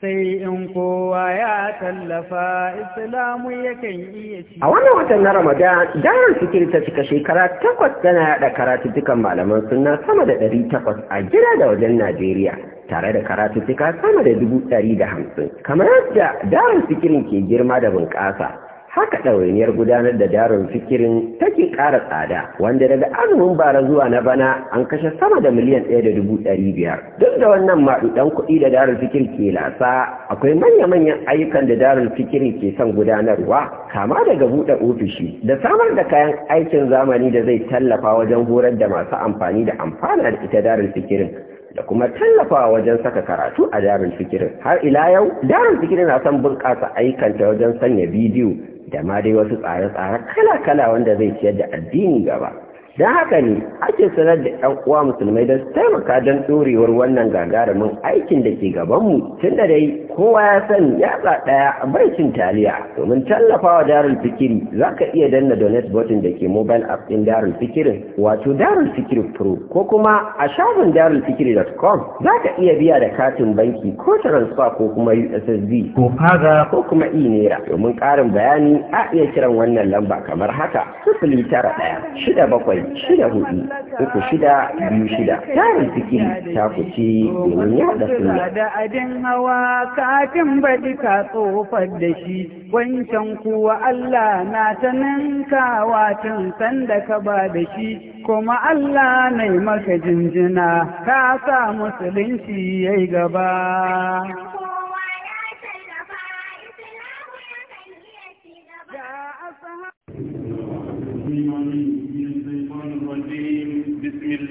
sai in kowa ya tallafa islamu yakan iya ci. A wannan watan na Ramadan, Darar sikiri ta cika shekara takwas tana yada karatuttukan malaman suna sama da ɗari takwas a gida da wajen Najeriya. Tare da karatuttuka sama da dubu ɗari da hamsin, kamar yadda Darar sikirin ke girma da bunƙasa. haka ɗawainiyar gudanar da darin fikirin take ƙara tsada wanda daga azumin bara zuwa na bana an kashe sama da miliyan ɗaya da dubu ɗari biyar duk da wannan maɗuɗan kuɗi da darin fikir ke lasa akwai manya-manyan ayyukan da darin fikirin ke son gudanarwa kama daga buɗe ofishi da samar da kayan aikin zamani da zai tallafa wajen horar da masu amfani da amfana da ita darin fikirin da kuma tallafawa wajen saka karatu a darin fikirin har ila yau darin fikirin na son bunƙasa aikanta wajen sanya bidiyo da ma dai wasu tsare-tsare kala-kala wanda zai ciyar da addini gaba don haka ne ake sanar da 'yan uwa musulmai don taimaka don ɗorewar wannan gagarumin aikin da ke gabanmu tun da dai kowa ya san yatsa ɗaya bai cin taliya domin tallafa wa darul fikiri za ka iya danna donate button da ke mobile app ɗin darul fikirin wato darul fikiri pro ko kuma a shafin darulfikiri.com za ka iya biya da katin banki ko transfer ko kuma ussd ko faga ko kuma e naira domin ƙarin bayani a iya kiran wannan lamba kamar haka sifili tara ɗaya shida bakwai shida hudu uku shida biyu shida tarin fikiri ta kuci domin da suna. da adin hawa kafin baɗi ka tsofar da shi wancan kuwa Allah na ta ninkawa tun sanda ka ba da shi kuma Allah na maka jinjina ka sa musulunci ya yi gaba.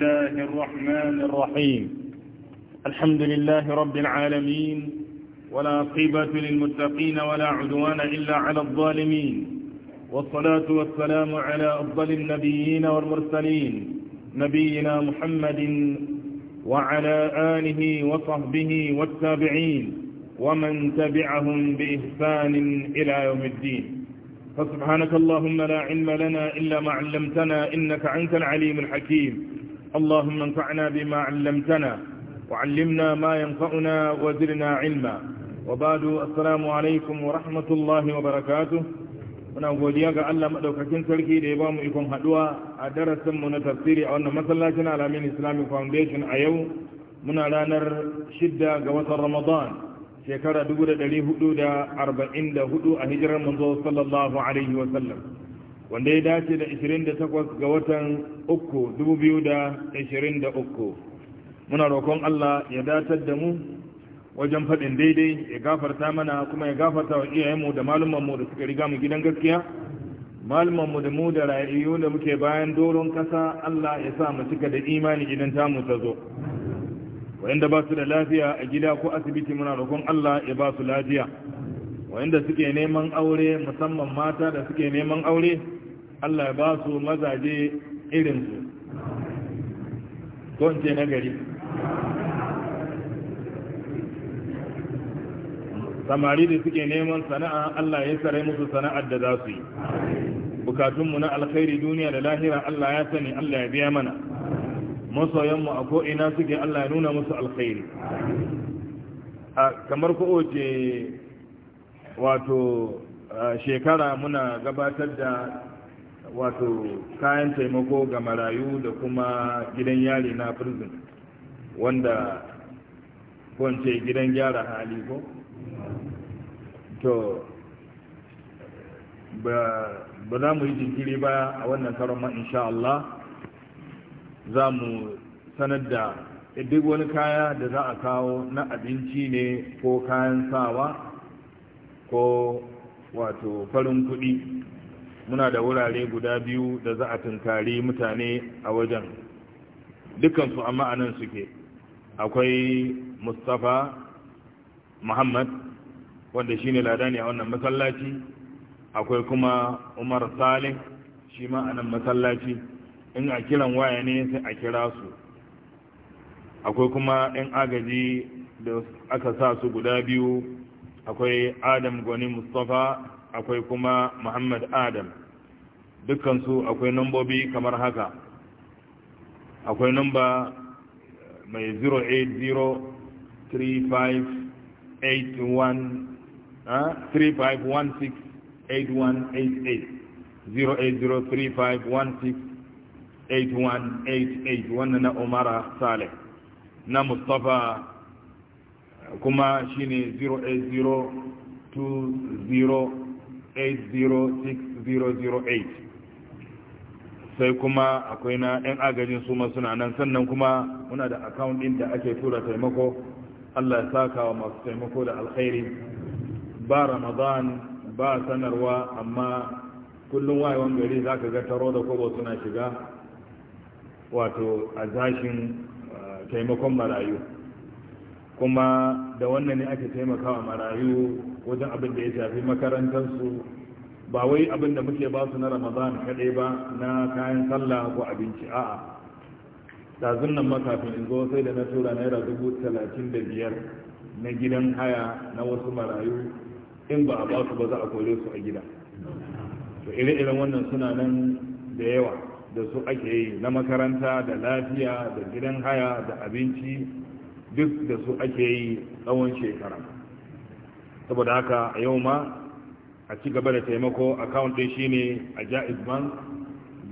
الله الرحمن الرحيم الحمد لله رب العالمين ولا عقبة للمتقين ولا عدوان إلا على الظالمين والصلاة والسلام على أفضل النبيين والمرسلين نبينا محمد وعلى آله وصحبه والتابعين ومن تبعهم بإحسان إلى يوم الدين فسبحانك اللهم لا علم لنا إلا ما علمتنا إنك أنت العليم الحكيم اللهم انفعنا بما علمتنا وعلمنا ما ينفعنا وزرنا علما وبعد السلام عليكم ورحمة الله وبركاته muna godiya ga Allah madaukakin sarki da ya ba mu ikon haduwa a darasin mu na tafsiri a wannan masallacin Alamin Islamic Foundation a yau muna ranar 6 ga watan Ramadan shekara 1444 a hijirar manzo sallallahu alaihi wa sallam wanda ya dace da 28 ga watan uku 2023 muna roƙon Allah ya datar da mu wajen faɗin daidai ya gafarta mana kuma ya gafarta wa iyayenmu da malumanmu da suka riga mu gidan gaskiya malumanmu da mu da ra'ayoyi da muke bayan doron kasa Allah ya sa mu cika da imani idan tamu ta zo wanda ba su da lafiya a gida ko asibiti muna roƙon Allah ya ba su lafiya wayanda suke neman aure musamman mata da suke neman aure Allah ya ba su mazaje irinsu ko ce na gari samari da suke neman sana'a Allah ya sare musu sana'ar da za su yi bukatunmu na alkhairi duniya da lahira Allah ya sani Allah ya biya mana masoyanmu a ko'ina suke Allah ya nuna musu alkhairi kamar kowace wato shekara muna gabatar da wato kayan taimako ga marayu da kuma gidan yari na prison wanda kwance gidan gyara hali ko to ba za mu yi jinkiri ba a wannan karon ma insha Allah za mu sanar da duk wani kaya da za a kawo na abinci ne ko kayan sawa ko wato farin kuɗi muna da wurare guda biyu da za a tunkari mutane a wajen dukansu amma a nan suke akwai mustapha muhammad wanda shi ne ladani a wannan masallaci akwai kuma umar salih shi ma a nan masallaci in a kiran waya ne sai a kira su akwai kuma 'yan agaji da aka sa su guda biyu akwai adam gwani mustapha akwai kuma muhammad adam dukkansu akwai nambobi kamar haka akwai namba mai 0803581 08035168188 wannan na umara saleh na mustapha kuma shine 08020806008 sai kuma akwai na 'yan agajin su suna nan sannan kuma muna da akawun ɗin da ake tura taimako Allah ya saka wa masu taimako da alkhairi ba ramadan ba sanarwa amma kullum wayewan gari za ka ga taro da kobo suna shiga wato a zashin eh, taimakon marayu kuma da wannan ne ake taimakawa marayu wajen abin da ya shafi makarantarsu ba wai abin da muke ba su na ramadan kaɗai ba na kayan sallah ko abinci a'a zun nan makafin in zo sai da na tura naira dubu talatin da biyar na gidan haya na wasu marayu in ba a ba su ba za a kore su a gida to ire-iren wannan suna nan da yawa da su ake yi na makaranta da lafiya da gidan haya da abinci duk da su ake yi tsawon shekara saboda haka a yau ma a ci gaba da taimako account din shine a jaiz bank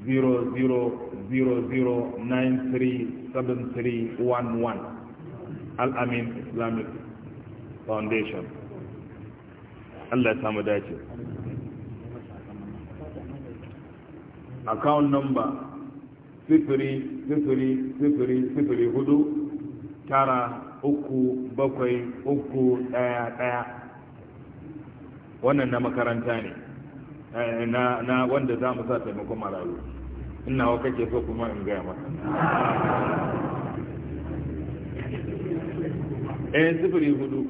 0000937311 al-amin islamic foundation Allah ya samu dace account number sifiri tara uku bakwai uku ɗaya ɗaya wannan na makaranta ne eh, na wanda za mu sa taimakon marayu ina wa kake so kuma in gaya maka ɗayan eh, sifiri hudu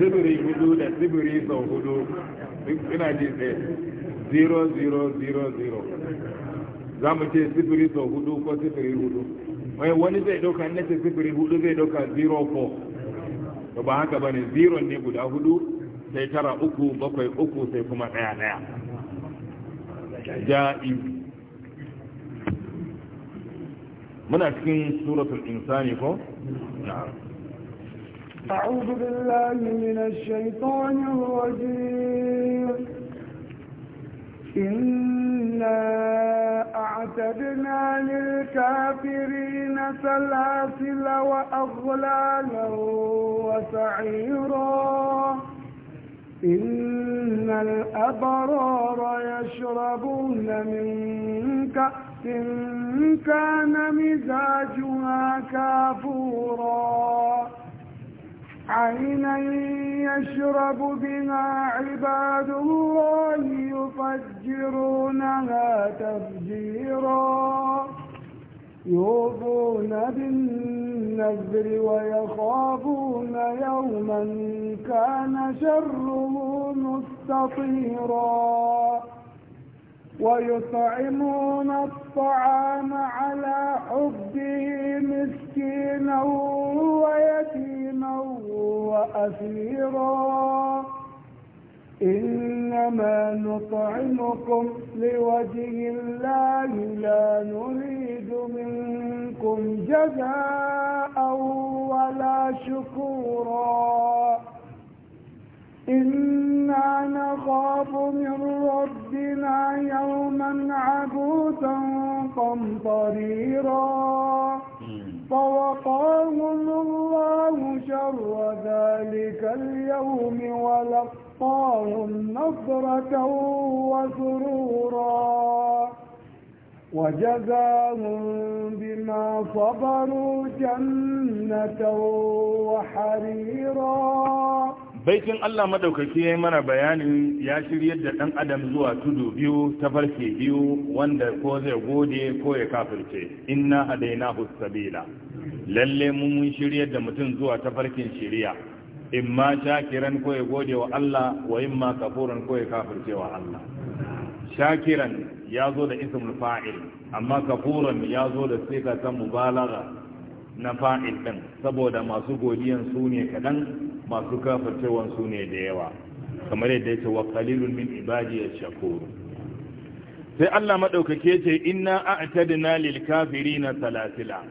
sifiri hudu da sifiri sau hudu ina ji ɗaya zero zero zero zero za mu ce sifiri sau hudu ko sifiri hudu wani zai ɗauka nace sifiri hudu zai ɗauka zero four to ba haka bane zero ne guda hudu sai tara uku bakwai uku sai kuma daya daya ja'i muna cikin suratul insani ko na'am a'udhu billahi minash shaitani إنا أعتدنا للكافرين سلاسل وأغلالا وسعيرا إن الأبرار يشربون من كأس كان مزاجها كافورا عينا يشرب بها عباد الله يفجرونها تفجيرا يوفون بالنذر ويخافون يوما كان شره مستطيرا ويطعمون الطعام على حبه مسكينا ويتيما وأسيرا إنما نطعمكم لوجه الله لا نريد منكم جزاء ولا شكورا إنا نخاف من ربنا يوما عبوسا قمطريرا فوقاهم الله شر ذلك اليوم ولقاهم نصرة وسرورا وجزاهم بما صبروا جنة وحريرا baitin Allah madaukaki ya yi mana bayanin ya shiryar da ɗan adam zuwa tudu biyu ta farke biyu wanda ko zai gode ko ya kafirce inna adaina husabila lalle mun mun shiryar da mutum zuwa ta farkin shiriya imma shakiran ko ya gode wa Allah wa imma kafuran ko ya kafirce wa Allah shakiran ya zo da ismul fa'il amma kafuran ya zo da sifa ta mubalagha na fa'il din saboda masu godiyan su ne kadan masu kafircewan su ne da yawa kamar yadda ce wa kalilun min ibadi ya shakur sai Allah maɗaukake ce inna a'tadna lil kafirina salasila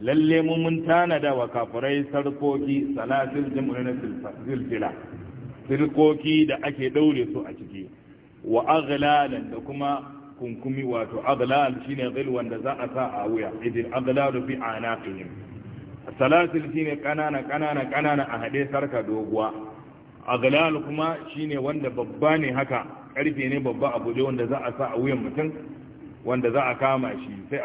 lalle mun mun tanada wa kafirai sarkoki salasil jam'un na silsila sirkoki da ake daure su a ciki wa aghlalan da kuma kunkumi wato aghlal shine ghil wanda za a sa a wuya idin aghlalu fi anaqihim salasil shine kanana kanana kanana a haɗe sarka doguwa aglal kuma shine wanda babba ne haka karfe ne babba a buɗe wanda za a sa a wuyan mutum wanda za a kama shi sai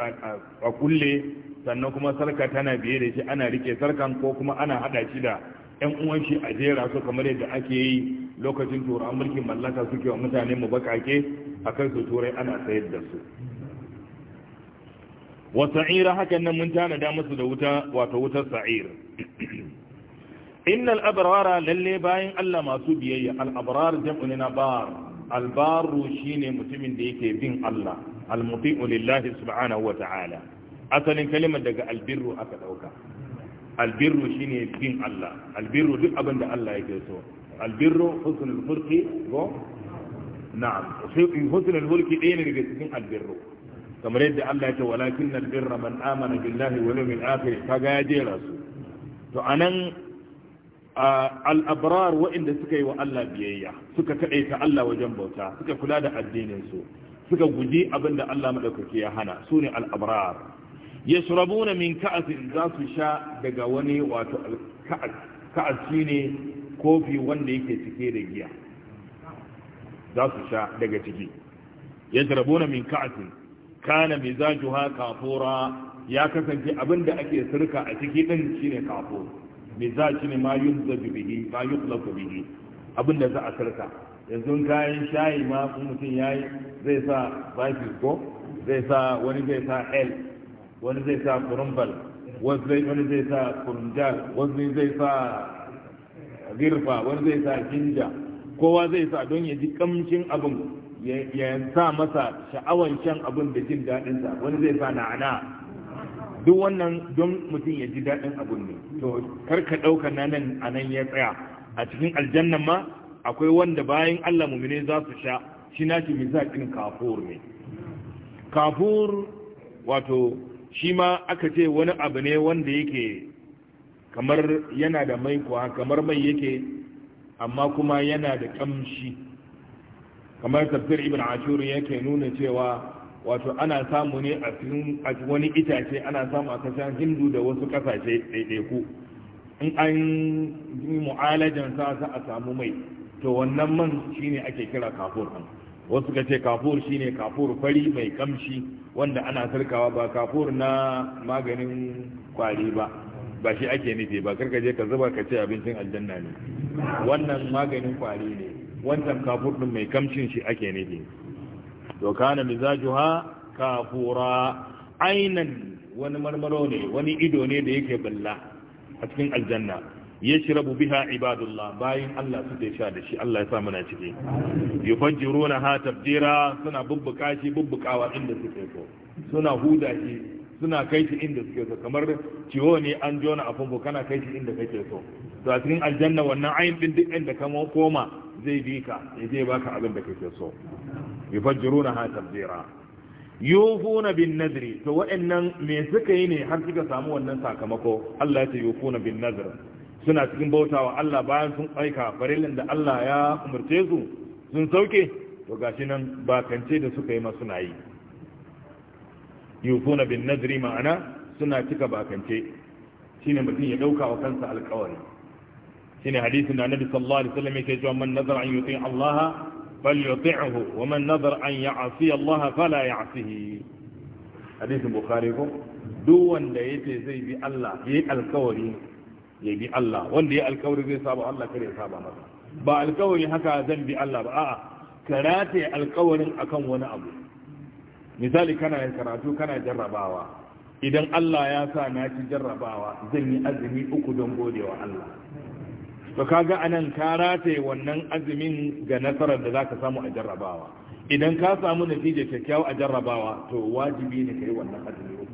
a kulle sannan kuma sarka tana biye da shi ana rike sarkan ko kuma ana hada shi da yan uwan shi a jera su kamar yadda ake yi lokacin turawan mulkin mallaka suke wa mutane mu bakake akan su turai ana sayar da su wa sa'ira hakan nan mun tanada musu da wuta wato wutar sa'ir innal abrara lalle bayan Allah masu biyayya al abrar jam'u na bar al baru shine mutumin da yake bin Allah al muti'u lillahi subhanahu wa ta'ala asalin kalmar daga al birru aka dauka al birru shine bin Allah al birru duk abin da Allah yake so al birru husnul khulqi go na'am husnul khulqi ɗaya ne daga cikin al birru kamar yadda Allah ya ce walakin nal birra man amana billahi wal yawmil akhir kaga ya jera su to anan al abrar wa'inda suka yi wa Allah biyayya suka kadaita Allah wajen bauta suka kula da addinin su suka guji abinda Allah madaukake ya hana su ne al abrar yashrabuna min ka'asin za su sha daga wani wato ka'as ka'as shine kofi wanda yake cike da giya za su sha daga ciki yashrabuna min ka'asin kana mizajuha kafura ya kasance abin da ake sirka a ciki din shine kafur mizaji ne ma yunzaju bihi ma yuqlaqu bihi abin da za a sirka yanzu kayan shayi ma mutum yayi zai sa bifis ko zai sa wani zai sa l wani zai sa kurumbal wani zai sa kurunjal wani zai sa girfa wani zai sa jinja kowa zai sa don ya ji kamshin abin ya sa masa sha'awan shan abin da jin daɗinsa wani zai sa na'ana duk wannan don mutum ya ji daɗin abun ne to karka ɗauka na nan a nan ya tsaya a cikin aljannan ma akwai wanda bayan allah mumine za su sha shi na shi zaƙin kafur ne kafur wato shi ma aka ce wani abu ne wanda yake kamar yana da mai kuwa kamar mai yake amma kuma yana da ƙamshi kamar tafsir ibn ashur yake nuna cewa wato ana samu ne a cikin wani itace ana samu a kasan hindu da wasu kasashe ɗaiɗaiku in an yi mu'alajan sa a samu mai to wannan man shine ake kira kafur wasu ka ce kafur shine kafur fari mai kamshi wanda ana sarkawa ba kafur na maganin kwari ba ba shi ake nufi ba karka je ka zuba ka ce abincin aljanna ne wannan maganin kwari ne wancan kafur ɗin mai kamshin shi ake nufi doka na mizajuha kafura ainan wani marmaro ne wani ido ne da yake balla a cikin aljanna ya shirabu biha ibadullah bayan Allah suke sha da shi Allah ya sa muna ciki yufajjiruna ha tabjira suna bubbuka shi bubbukawa inda suke so suna huda shi suna kai shi inda suke so kamar ciwo ne an jona a famfo kana kai shi inda kake so to a cikin aljanna wannan ayin din duk inda ka koma zai bi ka ya zai baka abin da kake so yufajjiruna ha tabdira yufuna bin nadri to wa'annan me suka yi ne har suka samu wannan sakamako Allah ya ce yufuna bin nadri suna cikin bautawa Allah bayan sun aika farilin da Allah ya umurce su sun sauke to gashi nan kance da suka yi ma suna yi yufuna bin nazri ma'ana suna cika bakance shine mutum ya dauka wa kansa alƙawari shine hadisin da annabi sallallahu alaihi wasallam yake cewa man nazara an yuti Allah falyuti'hu wa man nazara an ya'si Allah fala ya'sihi hadisin bukhari ko duk wanda yace zai bi Allah yayi alƙawari ya bi Allah wanda ya alƙawari zai saba Allah kare ya saba masa ba alƙawari haka zan bi Allah ba a'a karate alƙawarin akan wani abu misali kana yin karatu kana jarrabawa idan Allah ya sa na ci jarrabawa zan yi azumi uku don godewa Allah to kaga anan ka rataye wannan azumin ga nasarar da zaka samu a jarrabawa idan ka samu natija kyakkyawa a jarrabawa to wajibi ne kai wannan azumi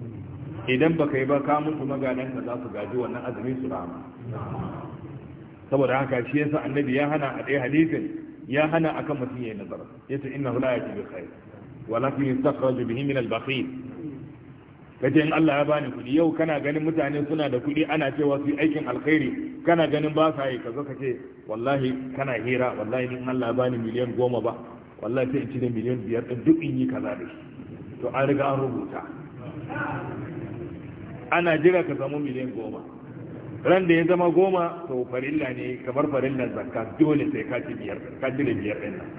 idan baka yi ba ka mutu maganan da za su gaji wannan azumin su rama saboda haka shi yasa annabi ya hana a ɗaya hadisin ya hana akan mutum yayin nazara yace innahu la bi khair walakin yustakhraju bihi min al-bakhil kace in Allah ya bani kuɗi yau kana ganin mutane suna da kuɗi ana cewa su aikin alkhairi kana ganin ba sa yi ka zo kace wallahi kana hira wallahi in Allah ya bani miliyan goma ba wallahi sai in ci miliyan biyar ɗin duk in yi kaza da shi to an riga an rubuta ana jira ka samu miliyan goma ran da ya zama goma to farilla ne kamar farillar zakka dole sai ka ci biyar ka ci biyar ɗin nan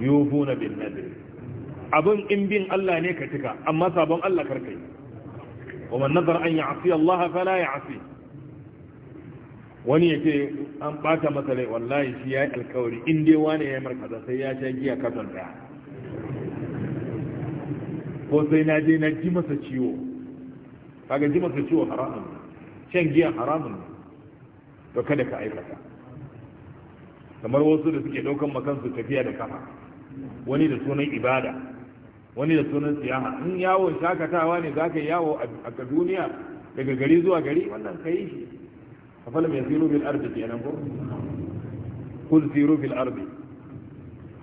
yufuna bin nadri abin in bin Allah ne ka cika amma sabon Allah karkai wa man nazar an ya'si Allah fala ya'si wani yake an bata masa rai wallahi shi ya alkawari in dai wani yayi markaza sai ya sha giya kasan da ko sai na je na ji masa ciwo kaga ji masa ciwo haramun shan giya haramun to kada ka aikata kamar wasu da suke daukan makansu tafiya da kafa wani da sunan ibada wani da sunan siyaha in yawo shakatawa ne za ka yi yawo a duniya daga gari zuwa gari wannan ka yi shi a falam ya siru fil ardi kenan ko Kun siru fil arziki.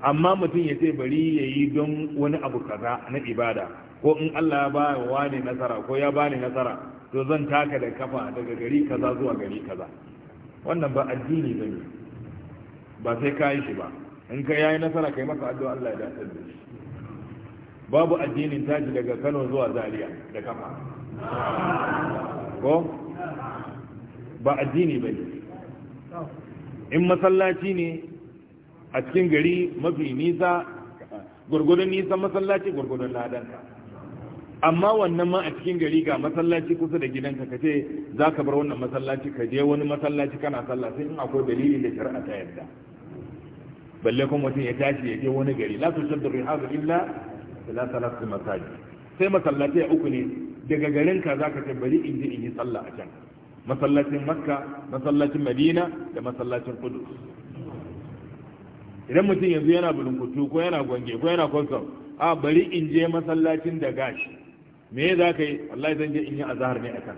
amma mutum ya ce bari ya yi don wani abu kaza na ibada ko in Allah ya ba wa ne nasara ko ya ba ne nasara to zan taka da kafa daga gari kaza zuwa gari kaza wannan ba addini ba ne ba sai ka yi shi ba in ka yayi nasara kai masa addu'a Allah ya dace da shi babu addinin taji daga kano zuwa zaria da kafa ko ba addini ba ne in masallaci ne a cikin gari mafi nisa gurgudun nisan masallaci gurgudun ladan amma wannan ma a cikin gari ga masallaci kusa da gidanka ka ce za ka bar wannan masallaci ka je wani masallaci kana sallah sai in akwai dalili da shari'a ta yadda balle kuma mutum ya tashi ya je wani gari la tusaddu rihadu illa ila salatu masajid sai masallatai uku ne daga garin ka zaka ce bari in je in yi sallah a can masallacin makka masallacin madina da masallacin kudus idan mutum yanzu yana bulunkutu ko yana gwange ko yana kwanson a bari in je masallacin da gashi me za ka yi wallahi zan je in yi azahar ne a can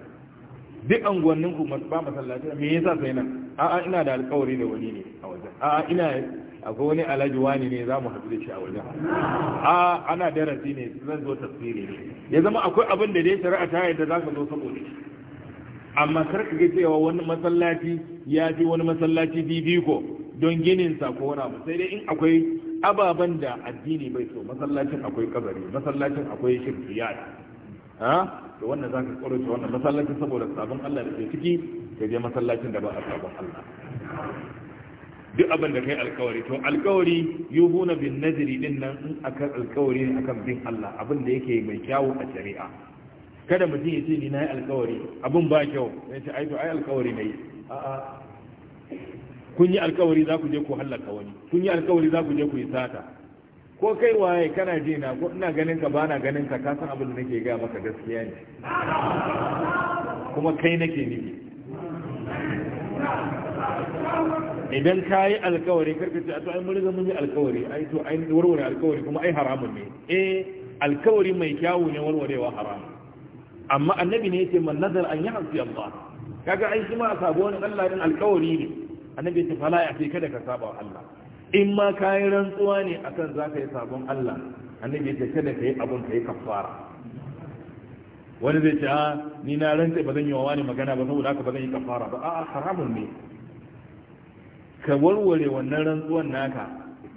duk anguwannin ku ba masallaci me yasa sai nan a a ina da alƙawari da wani ne a wajen a a ina akwai wani alhaji wani ne za mu haɗu da shi a wajen a ana darasi ne zan zo tafsiri ne ya zama akwai abin da dai shari'a ta yadda za ka zo saboda shi amma kar ka ga cewa wani masallaci ya fi wani masallaci bibiko don ginin sa ko wani abu sai dai in akwai ababen da addini bai so masallacin akwai kabari masallacin akwai shirkiya ha to wannan za ka kwaro wannan masallacin saboda sabon Allah da ke ciki ka je masallacin da ba a sabon Allah duk abin da kai alkawari to alkawari yuhuna bin nazari din nan in akan alkawari ne akan bin Allah abin da yake mai kyawu a shari'a kada mutum ya ce ni nayi alkawari abin ba kyau sai ce ai to ai alkawari nayi a'a kun yi alkawari za ku je ku hallaka wani kun yi alkawari za ku je ku yi sata ko kai waye kana je na ko ina ganin ka bana ganin ka ka san abin da nake ga maka gaskiya ne kuma kai nake nufi idan ka yi alkawari karka ce a to ai mun riga mun yi alkawari ai to ai warware alkawari kuma ai haramun ne eh alkawari mai kyawu ne warwarewa haram amma annabi ne yace man nazar an ya'si Allah kaga ai shi ma sabo ne Allah din alkawari ne annabi yace fala ya kada ka saba wa Allah in ma ka yi rantsuwa ne akan zaka yi sabon Allah annabi yace kada ka yi abun ka yi kafara wani zai ce ah, ni na rantsa ba zan yi wa wani magana ba saboda haka ba zan yi kafara ba a haramun ne ka warware wannan rantsuwan naka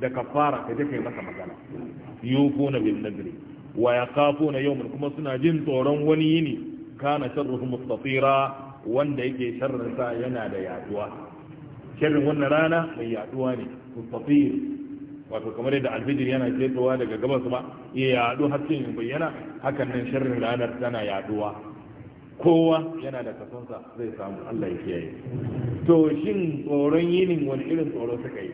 da kafara ka je kai masa magana yufuna bil nadri wa yaqafuna yawman kuma suna jin tsoron wani yini kana sharruhum mustatira wanda yake sharrin sa yana da yaduwa sharrin wannan rana mai yaduwa ne mustatir wato kamar yadda alfijir yana fitowa daga gabas ba ya yadu har sai bayyana hakan nan sharrin ranar tana yaduwa kowa yana da kasansa zai samu Allah ya kiyaye to shin tsoron yinin wani irin tsoro suka yi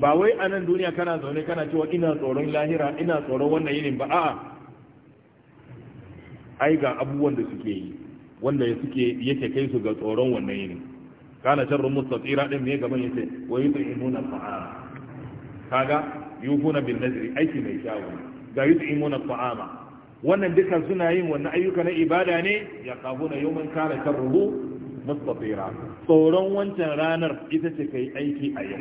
ba wai a nan duniya kana zaune kana cewa ina tsoron lahira ina tsoron wannan yinin ba a'a ai ga abubuwan da suke yi wanda suke yake kai su ga tsoron wannan yinin kana sharrun mustatira din ne gaban yace wa yut'imuna ta'ama kaga yufuna bin nazri aiki mai shawo ga yut'imuna ta'ama wannan dukkan suna yin wannan ayyuka na ibada ne ya kafuna yawman kana sharruhu mustatira tsoron wancan ranar ita ce kai aiki a yau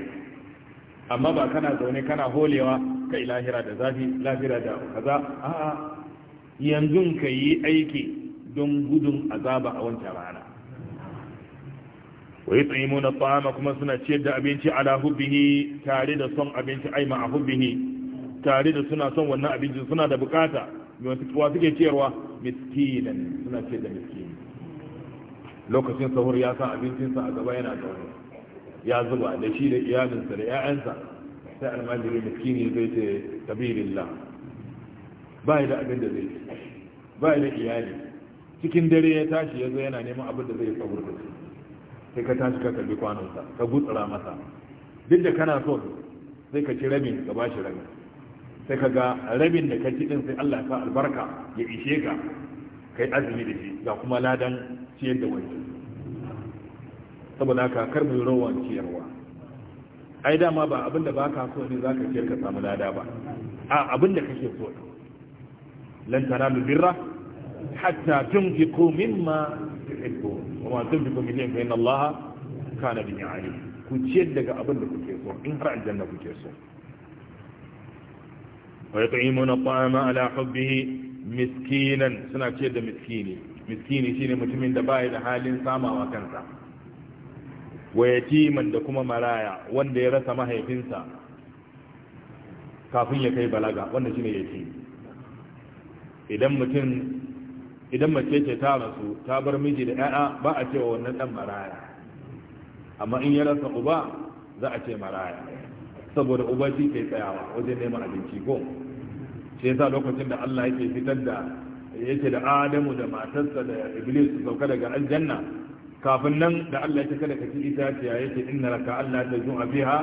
amma ba kana zaune kana holewa kai lahira da zafi lahira da kaza a'a yanzu ka yi aiki don gudun azaba a wancan rana wa yi tsaimuna tsama kuma suna ciyar da abinci ala hubbihi tare da son abinci ai ma a hubbihi tare da suna son wannan abincin suna da bukata wa suke ciyarwa miskinan suna ciyar da miskinan lokacin sahur ya sa abincinsa a gaba yana wani ya zuba da shi da iyalinsa da 'ya'yansa sai almajiri miskini zai ce tabirillah ba da abin da zai ba da iyali cikin dare ya tashi ya zo yana neman abin da zai sahur da su sai ka tashi ka kalli kwanonsa ka gutsura masa duk da kana so sai ka ci rabin ka ba shi rabin sai ka ga rabin da ka ci din sai Allah ya sa albarka ya ishe ka kai azumi da shi ga kuma ladan ciyar da wani saboda haka kar mu rawa ciyarwa ai dama ba abinda ba ka so ne zaka ciyar ka samu lada ba a abinda kake so lan tanalu birra hatta tunfiqu mimma tuhibbu wa ma tunfiqu min shay'in fa inna Allaha na bihi alim ku ciyar daga abinda kuke so in har aljanna kuke so wa yut'imuna at'ama ala hubbihi miskinan suna ce da miskini miskini shine mutumin da bai da halin samawa kansa wa yatiman da kuma maraya wanda ya rasa mahaifinsa kafin ya kai balaga wanda shine yatim idan mutum idan mace ce ta rasu ta bar miji da 'ya'ya ba a cewa wannan dan maraya amma in ya rasa uba za a ce maraya saboda uba shi ke tsayawa wajen neman abinci ko shi yasa lokacin da Allah yake fitar da yake da Adamu da matarsa da Iblis su sauka daga aljanna kafin nan da Allah ya kada ka ci itaciya yake inna laka Allah ta ju'a biha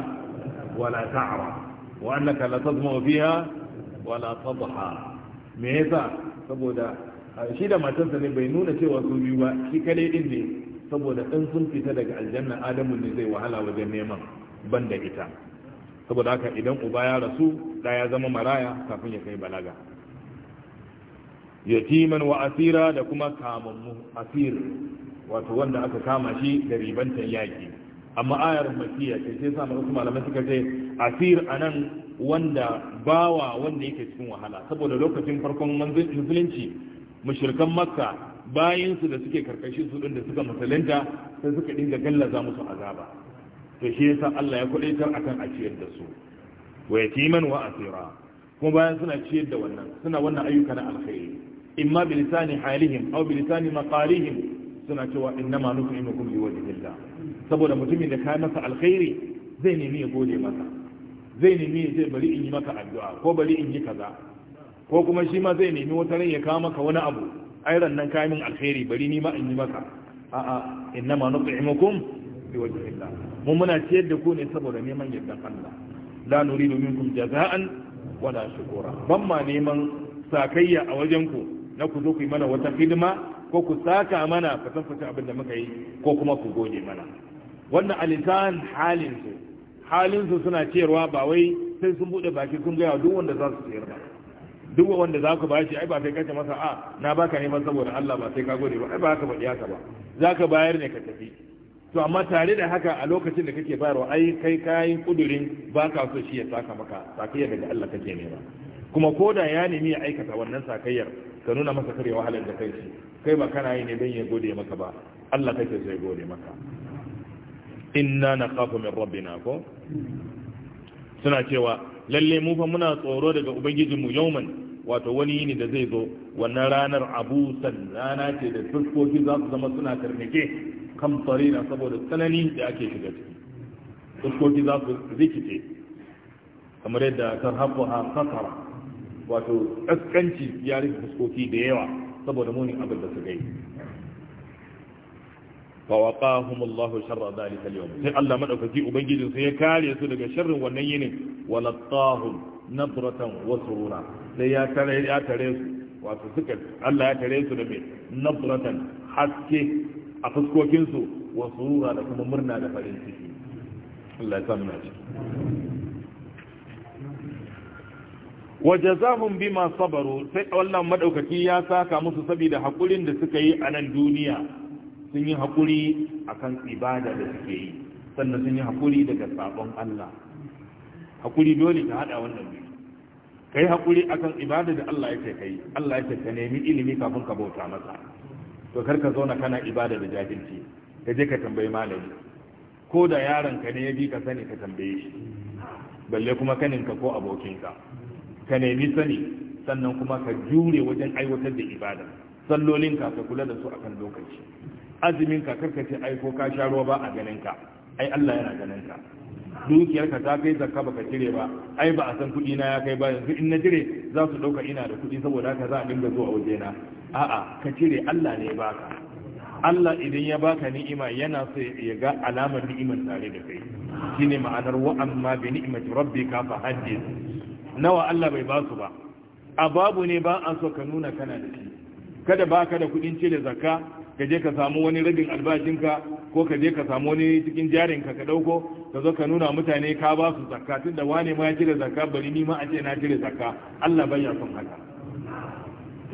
wala ta'ra wa annaka la tazma biha wala tadha me yasa saboda shi da matarsa ne bai nuna cewa su biyu ba shi kadai din ne saboda in sun fita daga aljanna Adamu ne zai wahala wajen neman banda ita saboda haka idan uba ya rasu da ya zama maraya kafin ya kai balaga yatiman wa asira da kuma kamammu asir wato wanda aka kama shi da ribantan yaki amma ayar masiya ce sai sa wasu malamai suka ce asir anan wanda bawa wanda yake cikin wahala saboda lokacin farkon musulunci mushrikan makka bayin su da suke karkashin su din da suka musulunta sai suka dinga gallaza musu azaba to shi yasa Allah ya kudaitar akan a ciyar da su wa yatiman wa asira kuma bayan suna ciyar da wannan suna wannan ayyuka na alkhairi imma bi lisani halihim aw bi lisani maqalihim suna cewa innama nut'imukum liwajhillah saboda mutumin da ka masa alkhairi zai nemi ya gode masa zai nemi ya ce bari in yi maka addu'a ko bari in yi kaza ko kuma shi ma zai nemi wata ran ya kawo maka wani abu ai ran nan kayan alkhairi bari ni ma in yi maka a'a innama nut'imukum bi muna ciyar da ku ne saboda neman yardan Allah la nuridu minkum jaza'an wala shukura ban ma neman sakayya a wajen ku na ku zo ku yi mana wata hidima ko ku saka mana fatan fatan abin da muka yi ko kuma ku goge mana wannan alitan halin su halin su suna ciyarwa ba wai sai sun bude baki sun gaya duk wanda za su ciyar ba duk wanda za ku bashi ai ba sai kace masa a na baka neman saboda Allah ba sai ka gode ba ai ba haka ba iyaka ba zaka bayar ne ka tafi to amma tare da haka a lokacin da kake bayarwa ai kai kayan kudurin ba ka so shi ya saka maka sakayya daga Allah kake nema kuma ko da ya nemi ya aikata wannan sakayyar ka nuna masa kare wahalar da kai shi kai ba kana yi ne don ya gode maka ba Allah kake so ya gode maka inna nakhafu min rabbina ko suna cewa lalle mu fa muna tsoro daga ubangijinmu yauman wato wani yini da zai zo wannan ranar abusan rana ce da fuskoki za su zama suna karnike kamtarina saboda tsanani da ake shiga ciki fuskoki za su rikice kamar yadda tarhabu ha sakara wato kaskanci ya rike fuskoki da yawa saboda muni abin da su gai fawaqahum Allahu sharra dhalika al-yawm sai Allah madaukaki ubangijin sai ya kare su daga sharrin wannan yinin walattahum nabratan wa surura sai ya tare ya tare su wato suka Allah ya tare su da me nabratan haske a fuskokinsu wa surura da kuma murna da farin ciki Allah ya samu na ciki wa jazahum bima sabaru sai wannan madaukaki ya saka musu saboda hakurin da suka yi a nan duniya sun yi hakuri akan ibada da suke yi sannan sun yi hakuri daga sabon Allah hakuri dole ta hada wannan biyu kai hakuri akan ibada da Allah yake kai Allah yake ka nemi ilimi kafin ka bauta masa to karka zauna kana ibada da jahilci ka je ka tambayi malami ko da yaron ka ne ya bi ka sani ka tambaye shi balle kuma kaninka ko abokinka ka nemi sani sannan kuma ka jure wajen aiwatar da ibada Sallolin ka kula da su akan lokaci ka karka ce aiko ka sha ruwa ba a ganinka ai Allah yana ganinka ka ta kai zakka baka cire ba ai ba a san kuɗi na ya kai ba yanzu in na jire za su ɗauka ina da kuɗi saboda ka za a dinga zuwa wajena a'a ka cire Allah ne baka Allah idan ya baka ni'ima yana so ya ga alamar ni'imar tare da kai shine ma'anar wa amma bi ni'mati rabbika fa hadith nawa Allah bai basu ba a babu ne ba an so ka nuna kana da shi kada baka da kudin cire zakka ka je ka samu wani rabin albashinka ko ka je ka samu wani cikin jarinka ka dauko ka zo ka nuna mutane ka basu zakka tunda wane ma ya cire zakka bari ni ma a ce na cire zakka Allah bai ya son haka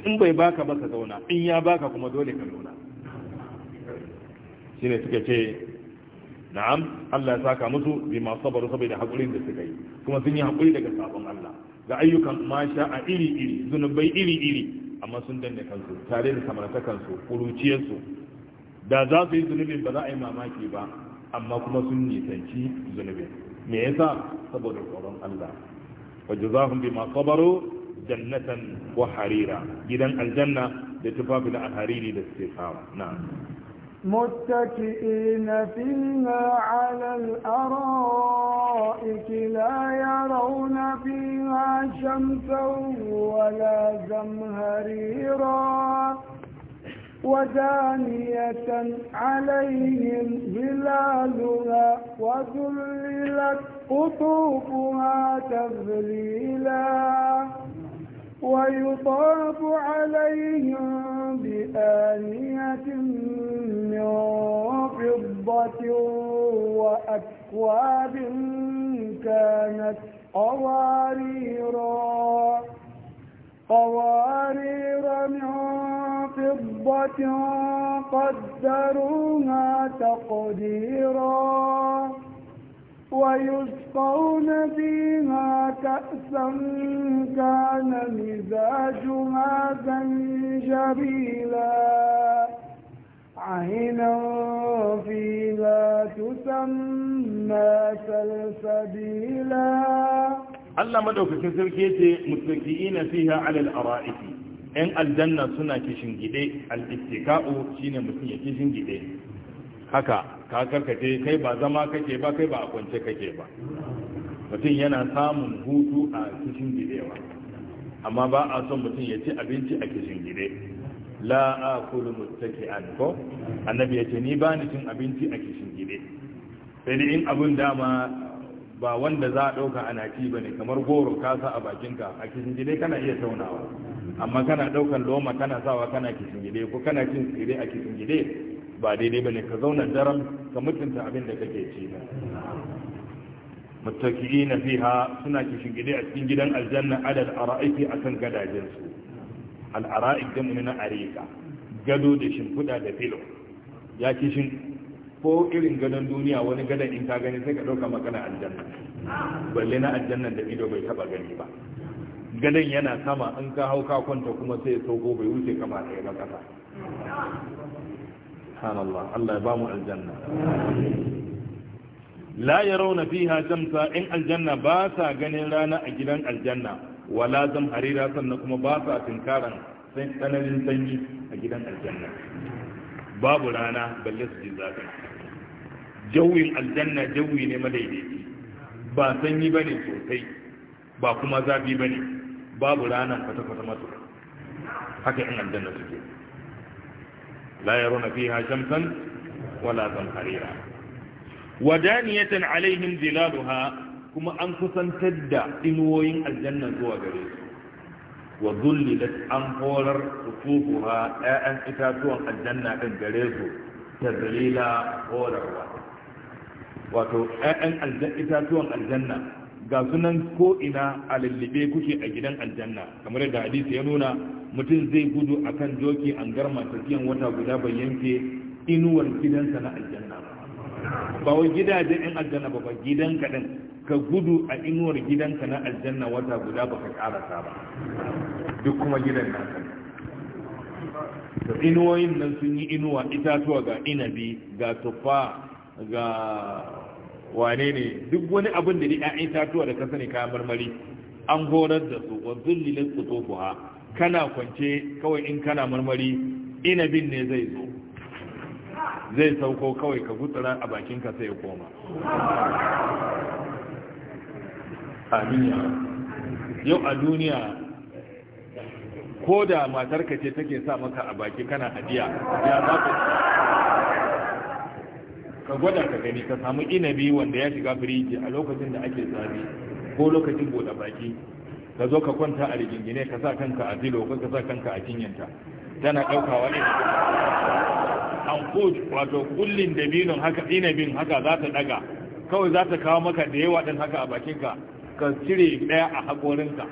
in bai baka ba ka zauna in ya baka kuma dole ka zauna shi suka ce na'am Allah ya saka musu bi ma sabaru saboda hakurin da suka yi kuma sun yi hakuri daga sabon Allah ga ayyukan masha a iri-iri zunubai iri-iri amma sun danne kansu tare da samartakansu kuruciyarsu da za su yi zunubin ba za a yi mamaki ba amma kuma sun nisanci zunubin me yasa saboda tsoron Allah wa jazahum bima sabaru جنة وحريرا إذن الجنة aljanna da tufafi نعم متكئين فيها على الأرائك لا يرون فيها شمسا ولا زمهريرا ودانية عليهم ظلالها وذللت قطوفها تذليلا ويطاف عليهم بآنية من فضة وأكواب كانت قواريرا قوارير من فضة قدروها تقديرا ويسقون فيها كأسا كان مزاجها زنجبيلا عينا فيها تسمى سلسبيلا الله مدعوك كسر كيتي متكئين فيها على الأرائك إن الجنة سنة كشنجدي الاتكاء شين متكئين كشنجدي haka ka karkace kai ba zama kake ba kai ba a kwance kake ba mutum yana samun hutu a kishin gidewa amma ba a son mutum ya ci abinci a kishin gide la a kulu mutake an ko annabi ya ce ni ba ni cin abinci a kishin gide sai in abun dama ba wanda za a ɗauka ana ci ba ne kamar goro ka sa a bakinka a kishin gide kana iya taunawa amma kana ɗaukan loma kana sawa kana kishin gide ko kana cin tsire a kishin gide ba daidai bane ka zauna daram ka mutunta abin da kake ci na muttaki'ina fiha suna kishin a cikin gidan aljanna adal ara'iki akan a su al ara'ik da mun arika gado da shimfiɗa da filo ya kishin ko irin gadon duniya wani gadon in ka gani sai ka ɗauka magana aljanna balle na aljanna da ido bai taba gani ba gadon yana sama in ka hau ka kwanta kuma sai ya sauko bai wuce kama ɗaya ba ƙasa subhanallah Allah ya ba mu aljanna la yarawna fiha shamsa in aljanna ba sa ganin rana a gidan aljanna wala zam harira sannan kuma ba sa tinkaran sai tsananin sanyi a gidan aljanna babu rana balle su ji zafi jawin aljanna jawi ne madaidaici ba sanyi bane sosai ba kuma zafi bane babu rana kwata-kwata masu haka in aljanna suke la yaruna fiha shamsan wala zamharira wa daniyatan alaihim zilaluha kuma an kusantar da inuwoyin aljanna zuwa gare su wa zullilat an horar sufufuha ƴaƴan itatuwan aljanna din gare su ta zalila horarwa wato ƴaƴan itatuwan aljanna ga sunan ko ina a lullube kuke a gidan aljanna kamar yadda hadisi ya nuna mutum zai gudu a kan doki an garma tafiyan wata guda bai yanke inuwar gidansa na aljanna ba wai gidajen yan aljanna ba ba gidan kaɗan ka gudu a inuwar gidanka na aljanna wata guda ba ka ƙarasa ba duk kuma gidan naka to inuwoyin nan sun yi inuwa itatuwa ga inabi ga tuffa ga wane ne duk wani abin da ya itatuwa da ka sani kayan marmari an horar da su wa zullilat qutufuha kana kwance kawai in kana marmari inabin ne zai zo zai sauko kawai ka gutsura a bakinka sai ya koma a yau a duniya ko da matarka ce take sa maka a baki kana hadiya ya za ka ka gwada ka gani ka samu inabi wanda ya shiga firiji a lokacin da ake tsari ko lokacin bude baki ka zo ka kwanta a rigingine ka sa kanka a zilo ko ka sa kanka a cinyanta tana ɗaukawa ne an kuj wato kullin dabinun haka inabin haka za ta ɗaga kawai za ta kawo maka da yawa ɗin haka a bakinka ka cire ɗaya a haƙorinka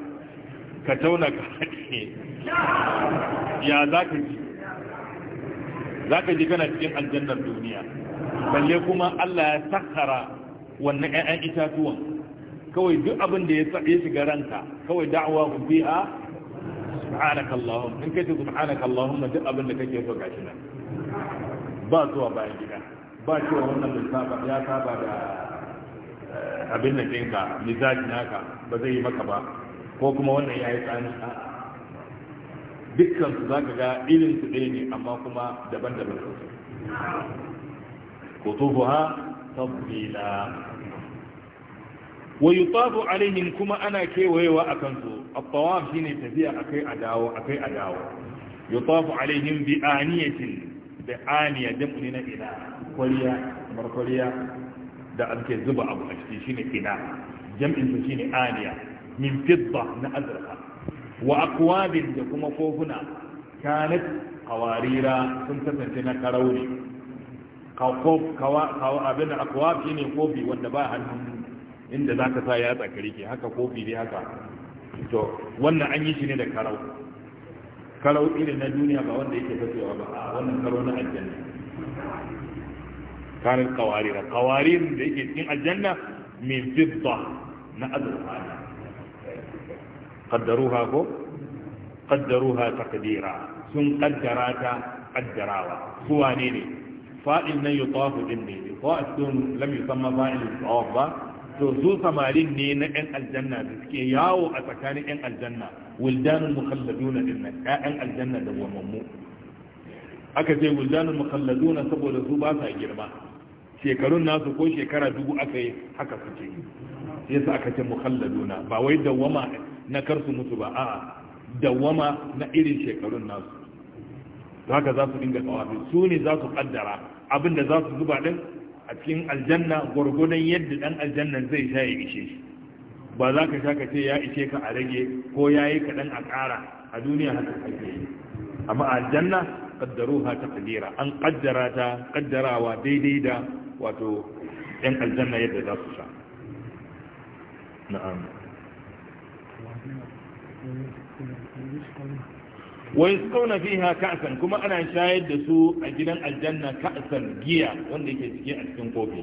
ka tauna ka haɗe ya za ka ji za ka ji kana cikin aljannar duniya balle kuma Allah ya sakara wannan 'ya'yan itatuwan kawai duk abin da ya tsaye shiga ranka kawai da'awa ku bi'a subhanakallahum in kace subhanakallahum duk abin da kake so gashi nan ba zuwa bayan gida ba cewa wannan bai saba ya saba da eh, abin nan ɗinka mizaji naka ba zai yi maka ba ko kuma wannan ya yi a dukkan su za ka ga irin su dai ne amma kuma daban-daban sosai ko tufu ha tabbila wa yutafu alaihim kuma ana kewayewa a kansu at-tawaf ne tafiya akai a dawo akai a dawo yutafu alaihim bi aniyatin da aniya jam'u na ina kwariya barkwariya da ake zuba abu a ciki shine ina jam'in sa shine aniya min fidda na azraka wa aqwabin da kuma kofuna kanat qawarira sun kasance na karauni kawab kawa abin da aqwab shine kofi wanda ba hannun inda za ka sa yatsa ka ke, haka kofi dai haka to wannan an yi shi ne da karau karau irin na duniya ba wanda yake fasewa ba a wannan karau na aljanna kanin kawarira kawarin da yake cikin aljanna min fidda na azurfa ne qaddaruha ko qaddaruha taqdira sun qaddara ta qaddarawa su wane ne fa'il nan yutafu din ne fa'il lam yusamma fa'il tawaf ba to su samarin ne na yan aljanna da suke yawo a tsakanin yan aljanna wildanul mukhalladuna din nan ƴaƴan aljanna da wamammu aka ce wildanul mukhalladuna saboda su ba sa girma shekarun nasu ko shekara dubu aka yi haka suke yasa aka ce mukhalladuna ba wai dawwama na karsu mutu ba a'a dawwama na irin shekarun nasu haka za su dinga tsawafi su ne za su kaddara abinda za su zuba din a cikin aljanna gwargwadon yadda dan aljanna zai sha ya ishe shi ba za ka sha ka ce ya ishe ka a rage ko ya yi kaɗan a ƙara a duniya haka ake yi amma aljanna ƙaddaruha ta ƙadira an ƙaddara ta ƙaddarawa daidai da wato yan aljanna yadda za su sha na'am wa yasqawna fiha ka'san kuma ana shayar da su a gidan aljanna ka'san giya wanda yake cike a cikin kofi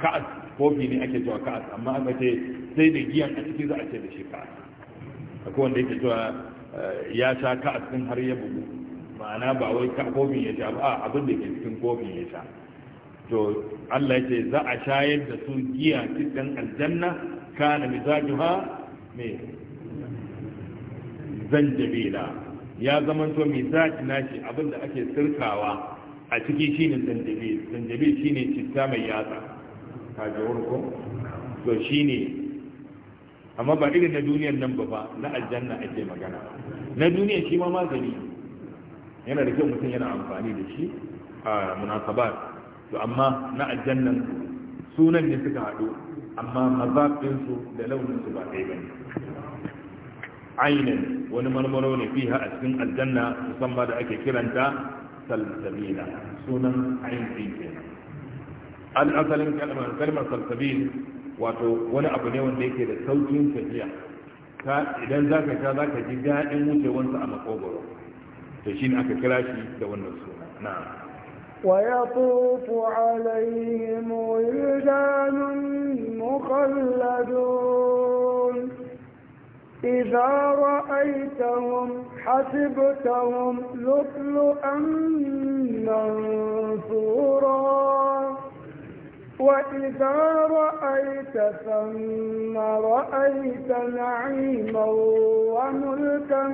ka'as kofi ne ake cewa ka'as amma aka ce sai da giyan a ciki za a ce da shi ka'as akwai wanda yake cewa eh, ya sha ka'as din har ya bugu ma'ana ba wai kofin ya sha ba abin da ke cikin kofin ya sha to Allah ce za a shayar da su giya cikin aljanna kana mizajuha me zanjabila ya zamanto na nashi abinda ake sirkawa a ciki shine zanjabi zanjabi shine citta mai yatsa ta ji wurko to shine amma ba irin na duniyar nan ba ba na aljanna ake magana na duniyar shi ma magani yana da kyau mutum yana amfani da shi a munasabat to amma na aljannan sunan ne suka haɗu amma mazaɓinsu da launinsu ba ɗaya ba ne ainin wani marmaro ne fiha a cikin aljanna musamman da ake kiranta salsabila sunan ayin din kenan an asalin kalmar kalmar salsabil wato wani abu ne wanda yake da saukin tafiya ka idan za ka sha za ka ji daɗin wucewarsa a makogoro to ne aka kira shi da wannan suna na'am ويطوف عليهم ولدان مخلدون إذا رأيتهم حسبتهم لؤلؤا منثورا وإذا رأيت ثم رأيت نعيما وملكا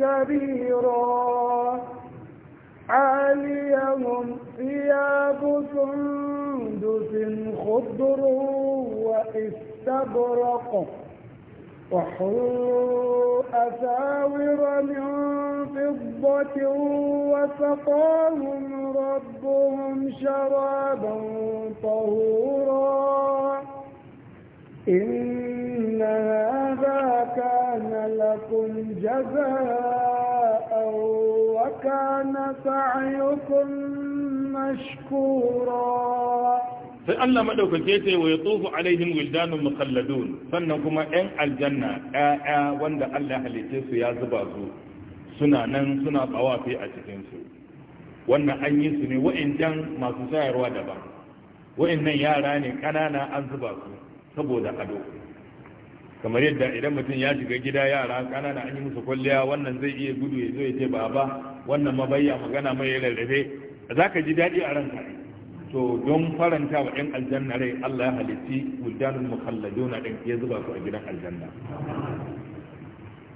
كبيرا عاليهم ثياب سندس خضر وإستبرق وحلوا أساور من فضة وسقاهم ربهم شرابا طهورا إن هذا كان لكم جزاء وكان سعيكم مشكورا sai Allah madaukake ce wa ya yatufu alaihin wildanun mukhalladun sannan kuma 'yan aljanna 'ya'ya wanda Allah halice su ya zuba su suna nan suna tsawafi a cikinsu. su wannan an yi su ne wa'indan masu sayarwa daban nan yara ne ƙanana an zuba su saboda ado kamar yadda idan mutum ya shiga gida yara ƙanana an yi musu kwalliya wannan zai iya gudu ya zo ya ce baba wannan mabaya magana mai rarrafe za ka ji daɗi a ranka to don faranta wa ‘yan aljanna rai Allah ya halitti wuldanun mukhalladuna ɗin ya zuba su a gidan aljanna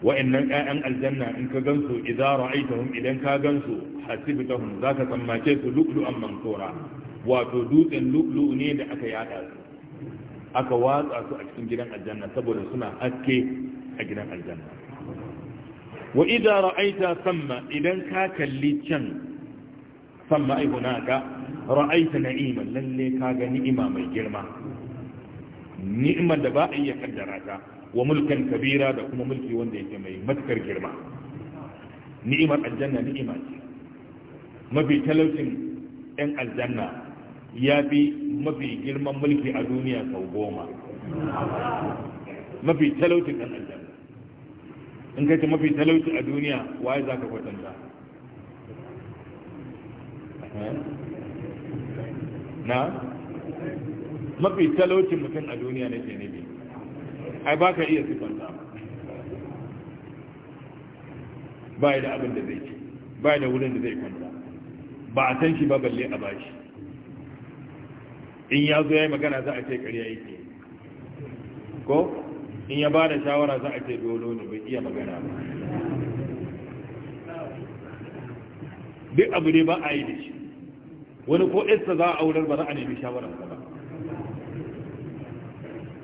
wa'annan ƴaƴan aljanna in ka gansu idza ra'aytahum idan ka gansu hasibtahum zaka tsammace su lu'lu'an mansura wato dutsen lu'lu'u ne da aka yada su aka watsa su a cikin gidan aljanna saboda suna haske a gidan aljanna wa idza ra'aita samma idan ka kalli can samma ai hunaka ra'aita na'ima lalle ka ga ni'ima mai girma ni'ima da ba a iya kaddara ta wa mulkan kabira da kuma mulki wanda yake mai matukar girma ni'imar aljanna ni'ima ce mafi talaucin yan aljanna ya fi mafi girman mulki a duniya sau goma mafi talaucin ɗan aljanna in kace mafi talauci a duniya waye za ka kwatanta eh? na mafi talaucin mutum a duniya na ke nabi ai ba ka iya sifanta ba ba da abin da zai ci ba da wurin da zai kwanta ba a san shi ba balle a bashi in ya zo ya yi magana za a ce ƙarya yake ko in ya ba da shawara za a ce dolo ne bai iya magana ba duk abu ne ba a yi da shi wani ko yarsa za a aurar ba za a nemi shawarar ba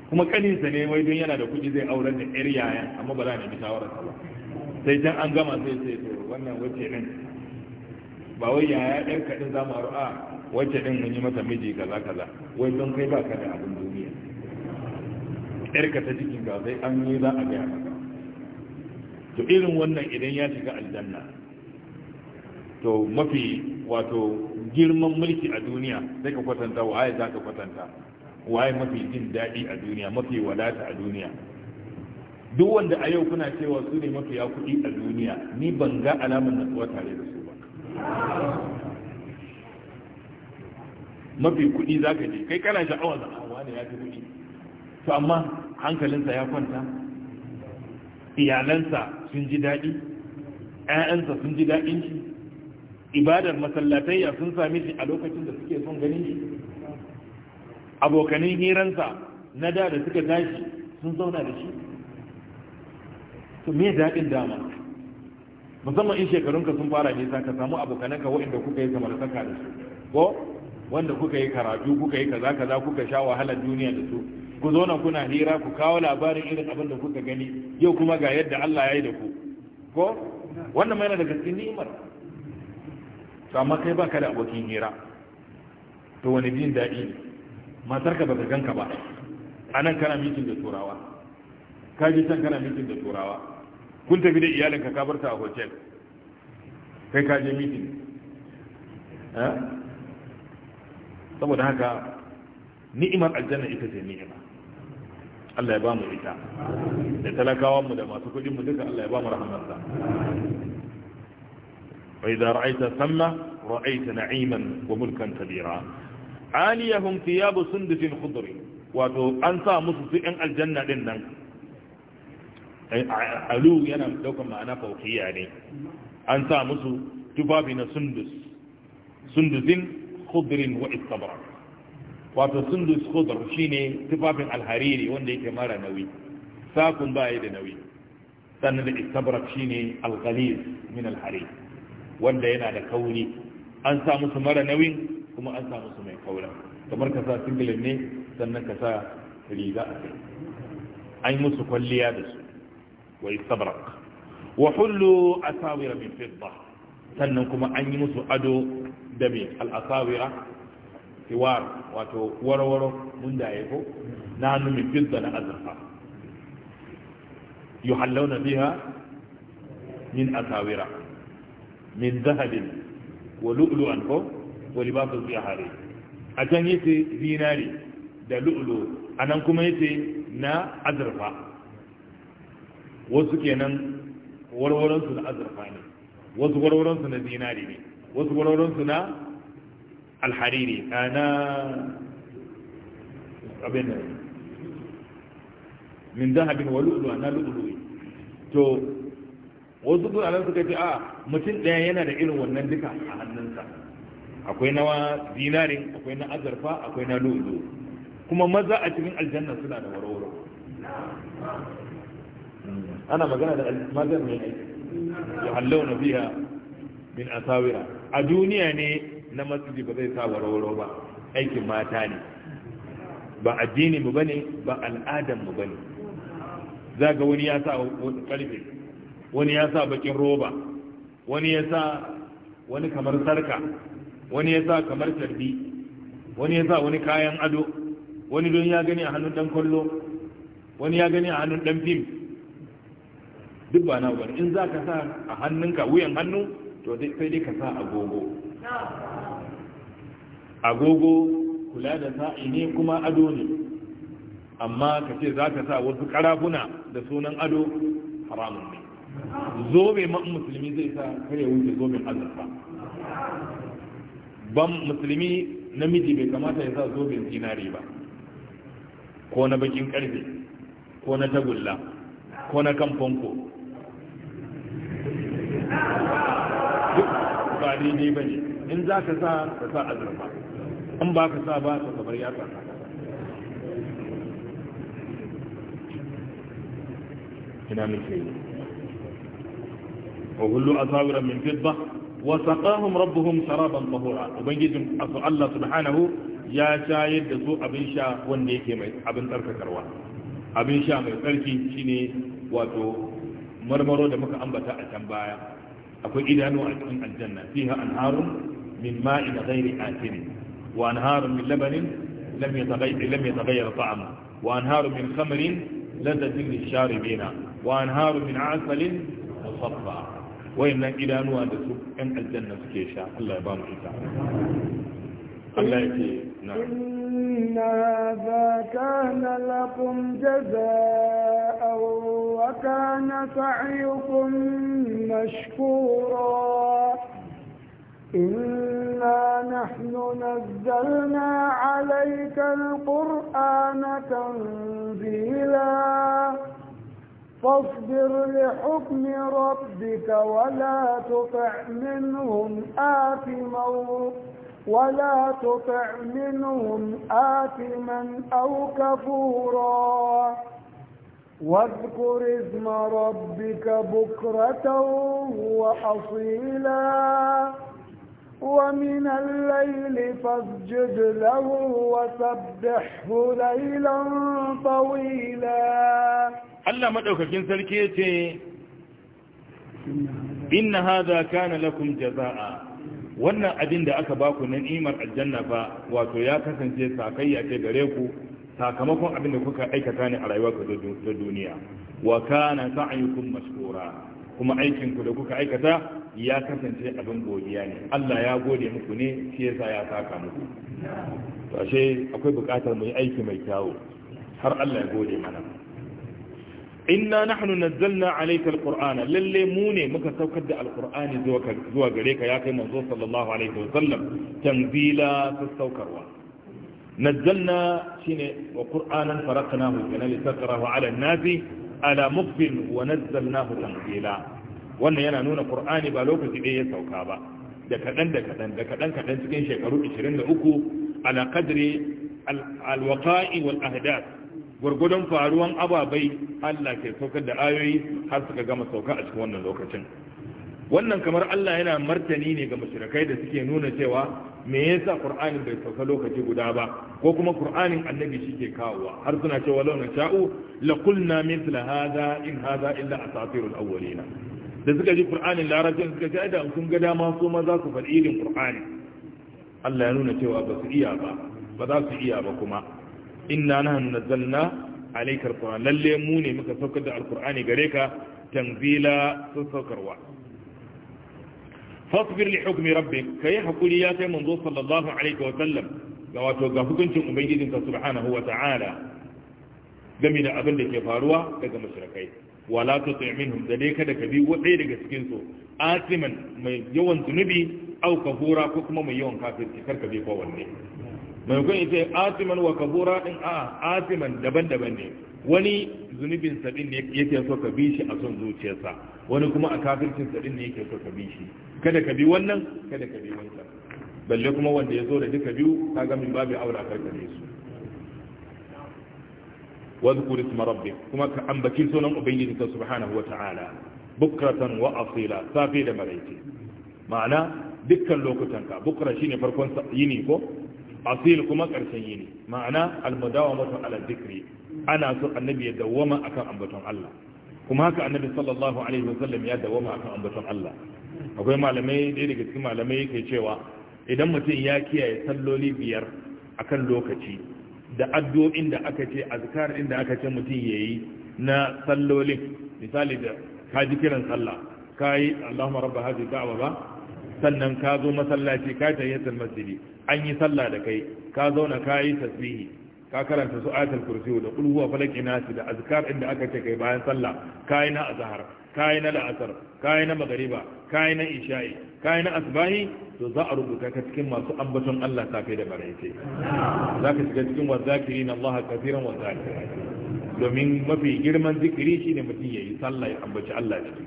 kuma kaninsa ne wai don yana da kuɗi zai aurar da yar yaya amma ba za a nemi shawarar ba sai can an gama sai sai to wannan wacce din ba wai yaya ɗan kaɗin za mu a wacce din mun yi mata miji kaza kaza wai don kai ba ka da abin duniya yar ka ta cikin ga sai an yi za a gaya maka to irin wannan idan ya shiga aljanna to mafi wato girman mulki a duniya sai ka kwatanta waye za ka kwatanta waye mafi jin daɗi a duniya mafi wadata a duniya duk wanda a yau kuna cewa su ne mafiya kuɗi a duniya ni ban ga alamar natsuwa tare da su ba mafi kuɗi za ka je kai kana sha'awar da awa ne ya fi kuɗi to amma hankalinsa ya kwanta iyalansa sun ji daɗi 'ya'yansa sun ji daɗin shi ibadar masallatayya sun sami shi a lokacin da suke son ganin shi abokanin hiransa na da da suka tashi sun zauna da shi to me daɗin dama musamman in shekarunka sun fara nisa ka samu abokananka waɗanda kuka yi kamar saka da su ko wanda kuka yi karatu kuka yi kaza kaza kuka sha wahalar duniya da su ku zo nan kuna hira ku kawo labarin irin abin da kuka gani yau kuma ga yadda Allah ya yi da ku ko wannan mai yana daga cikin ni'imar to amma kai baka da abokin hira to wani jin daɗi matar ka baka ganka ba a nan kana mitin da turawa ka ji can kana mitin da turawa kun tafi da iyalin ka ta a hotel kai ka je mitin eh? saboda haka ni'imar aljanna ita ce ni'ima Allah ya ba mu ita da mu da masu mu duka Allah ya ba mu rahamarsa فإذا رأيت ثم رأيت نعيما وملكا كبيرا عاليهم ثياب سندس خضر wato an musu su ‘yan aljanna ɗin nan alu yana daukan ma'ana faukiya ne an sa musu tufafi sundus sundusin wa wato sundus khudr shine tufafin alhariri wanda yake mara nauyi sakun ba da nauyi sannan da istabra shine alghalis min alhariri wanda yana da kauri an sa musu mara nauyin kuma an sa musu mai kaura kamar ka sa singilin ne sannan ka sa riga a kai an yi musu kwalliya da su wa istabrak wa hullu asawira min fidda sannan kuma an yi musu ado da mai al'asawira tiwar wato warwaro mun da ya ko na hannu mai fidda na azurfa na biha min asawira min zahabin wa lu'u'lu an ko wa libasu zahari a A can yace zinari da lu'u'lu. A nan kuma yace na azurfa wasu kenan warwaran na azurfa ne wasu warwaran na zinari ne wasu warwaran su na alhariri na abin min zahabin wa lu'lu'an na lu'u'lu to wasu kudaden suka ce a mutum ɗaya yana da irin wannan duka a hannunsa akwai na zinarin akwai na azurfa akwai na lozo kuma maza a cikin aljanna suna da warwaro ana magana da mazan mai aiki ya hallau na biya min asawira a duniya ne na masjidi ba zai sa warwaro ba aikin mata ne ba addini mu bane ba al'adan mu bane za ga wani ya sa karfe wani ya sa bakin roba wani ya sa wani kamar sarka wani ya sa kamar tarbi wani ya sa wani kayan ado wani don ya gani a hannun dan kwallo wani ya gani a hannun dan fim duk ba na wani in za ka sa a hannunka wuyan hannu to sai dai ka sa agogo agogo kula da sa'i ne kuma ado ne amma ka ce za ka sa wasu karafuna da sunan ado haramun ne zobe musulmi zai sa kar ya wuce zoben azurfa ban musulmi namiji bai kamata ya sa zoben zinari ba ko na bakin karfe ko na tagulla ko na kan fanko ba daidai ba ne in za ka sa ka sa azurfa an ba ka sa ba ka sabar ya sa ina mai وغلوا أساورا من فضة وسقاهم ربهم شرابا طهورا وبنجد الله سبحانه يا شايد دسو أبن شاء وانديك أبن ترك كروا أبن شاء من تركي شيني واتو مرمرو دمك أنبتا أتنبايا أكو إدانو أتن الجنة فيها أنهار من ماء غير آتن وأنهار من لبن لم يتغير, لم يتغير طعمه وأنهار من خمر لذة للشاربين وأنهار من عسل مصفى wayannan idanuwa da su ɗan aljanna suke sha Allah ya ba mu ita Allah ya ce na inna za kana lakum jazaa'a wa kana sa'yukum mashkura إنا نحن نزلنا عليك القرآن تنزيلاً فاصبر لحكم ربك ولا تطع منهم آثما ولا تطع منهم آثما أو كفورا واذكر اسم ربك بكرة وأصيلا ومن الليل فاسجد له وسبحه ليلا طويلا Allah madaukakin sarki yace inna hada kana lakum jazaa wannan abin da aka baku na ni'imar aljanna fa wato ya kasance sakayya ce gare ku sakamakon abin da kuka aikata ne a rayuwarku ta duniya wa kana sa'yukum mashkura kuma aikinku da kuka aikata ya kasance abin godiya ne Allah ya gode muku ne shi yasa ya saka muku to ashe akwai bukatar mu yi aiki mai kyawu har Allah ya gode mana inna nahnu nazzalna alayka alqur'ana lalle mu ne muka saukar da alqur'ani zuwa zuwa gare ka ya kai manzo sallallahu alaihi wasallam tanzila saukarwa nazzalna shine wa qur'anan faraqnahu kana litaqrahu ala an-nasi ala muqbil wa nazzalnahu tanzila wannan yana nuna qur'ani ba lokaci ɗaya ya sauka ba da kadan da kadan da kadan kadan cikin shekaru 23 ala qadri al-waqa'i wal ahdath gwargwadon faruwan ababai Allah ke saukar da ayoyi har suka gama sauka a cikin wannan lokacin wannan kamar Allah yana martani ne ga mashirikai da suke nuna cewa me yasa Qur'anin bai sauka lokaci guda ba ko kuma Qur'anin annabi shike kawowa har suna cewa law na sha'u la qulna mithla hadha in hadha illa asatirul awwalina da suka ji Qur'anin larabcin suka ce da sun ga dama su ma za su faɗi irin Qur'ani Allah ya nuna cewa ba su iya ba ba za su iya ba kuma inna nahnu nazzalna alaykal qur'an lalle mu ne muka saukar da alqur'ani gare ka tanzila saukarwa fasbir li hukmi rabbik kai hakuri ya kai manzo sallallahu alaihi wa sallam ga wato ga hukuncin ubangijinka subhanahu wa ta'ala game da abin da ke faruwa daga mashirkai wala ta tsaye da kada ka bi daga cikin su asiman mai yawan zunubi au kafura ko kuma mai yawan kafirci kar ka bi kowanne Mai kun ita atiman wa kabura din a atiman daban-daban ne wani zunubin sadin ne yake so ka bi shi a son zuciyarsa wani kuma a kafircin sadin ne yake so ka bi shi kada ka bi wannan kada ka bi wancan balle kuma wanda ya zo da duka biyu ka ga min babu aura kar ka su wadhkur isma rabbi kuma ka ambaci sunan ubangijinka subhanahu wa ta'ala bukratan wa asila safi da maraice ma'ana dukkan lokutanka bukra shine farkon yini ko asil kuma ƙarshen yini ma'ana mutum ala dhikri ana so annabi ya dawwama akan ambaton Allah kuma haka annabi sallallahu alaihi wasallam ya dawwama akan ambaton Allah akwai malamai ɗaya daga cikin malamai yake cewa idan mutum ya kiyaye salloli biyar akan lokaci da addu'o'in da aka ce azkar inda aka ce mutum yayi na sallolin misali da ka ji kiran sallah ka yi Allahumma rabba hadhihi da'wa ba sannan ka zo masallaci ka tayyatul masjidi an yi sallah da kai ka zauna ka yi tasbihi ka karanta su ayatul kursi da qul huwa falaq inasi da azkar inda aka ce kai bayan sallah kai na azhar kai na la'asar kai na magariba kai na isha'i kai na asbahi to za a rubuta ka cikin masu ambaton Allah safe da maraice? za ka shiga cikin na Allah kafiran wazakirin domin mafi girman zikiri shine mutum yayi sallah ya ambaci Allah ciki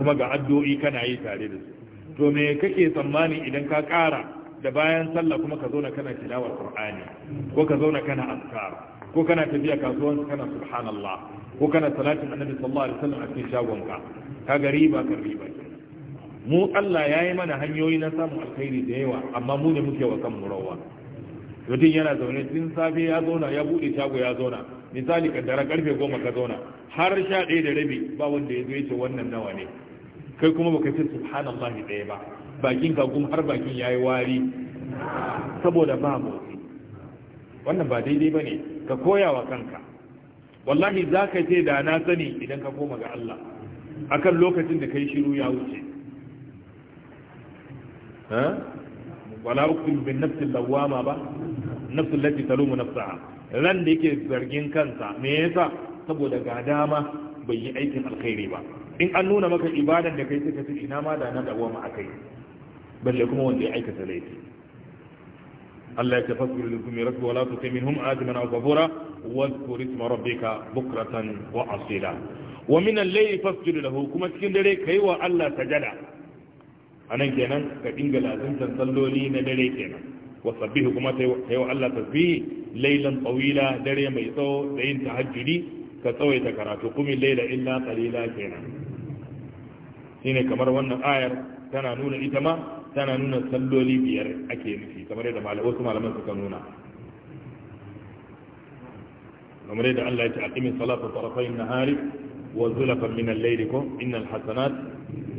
kuma ga addu'o'i kana yi tare da su to me kake tsammani idan ka ƙara da bayan sallah kuma ka zauna kana tilawar qur'ani ko ka zauna kana azkar ko kana tafiya kasuwan kana subhanallah ko kana salatin annabi sallallahu alaihi wasallam a cikin shagonka kaga riba ka riba mu Allah yayi mana hanyoyi na samun alkhairi da yawa amma mu ne muke wa kanmu rawa mutum yana zaune tun safe ya zauna ya bude shago ya zauna misali dara karfe goma ka zauna har sha ɗaya da rabi ba wanda ya zo ya ce wannan nawa ne kai kuma baka ce subhanallahi ɗaya ba bakin ka kuma har bakin ya yi wari saboda ba motsi wannan ba daidai ba ne ka koya wa kanka wallahi za ka ce da na sani idan ka koma ga Allah akan lokacin da kai shiru ya wuce wala uqsimu bin nafsil lawama ba nafsul lati talumu nafsaha ran da yake zargin kansa me yasa saboda ga dama bai yi aikin alkhairi ba in an nuna maka ibadan da kai suka ci ina ma da na a akai balle kuma wanda ya aikata laifi Allah ya ce fasbir li hukmi rabbika wa la tuti minhum adiman aw kafura wa dhkur isma rabbika bukratan wa asila wa min al-layli kuma cikin dare yi wa Allah sajada nan kenan ka dinga lazimtan salloli na dare kenan wa sabbihu kuma kai wa Allah tasbih laylan tsawila, dare mai tsawo da yin tahajjudi ka tsawaita karatu kuma layla illa qalila kenan shine kamar wannan ayar tana nuna ita ma tana nuna salloli biyar ake nufi kamar yadda malamai wasu malaman suka nuna kamar yadda Allah ya ce aqimi salata tarafayn nahari wa zulafan min al-layli ko innal hasanat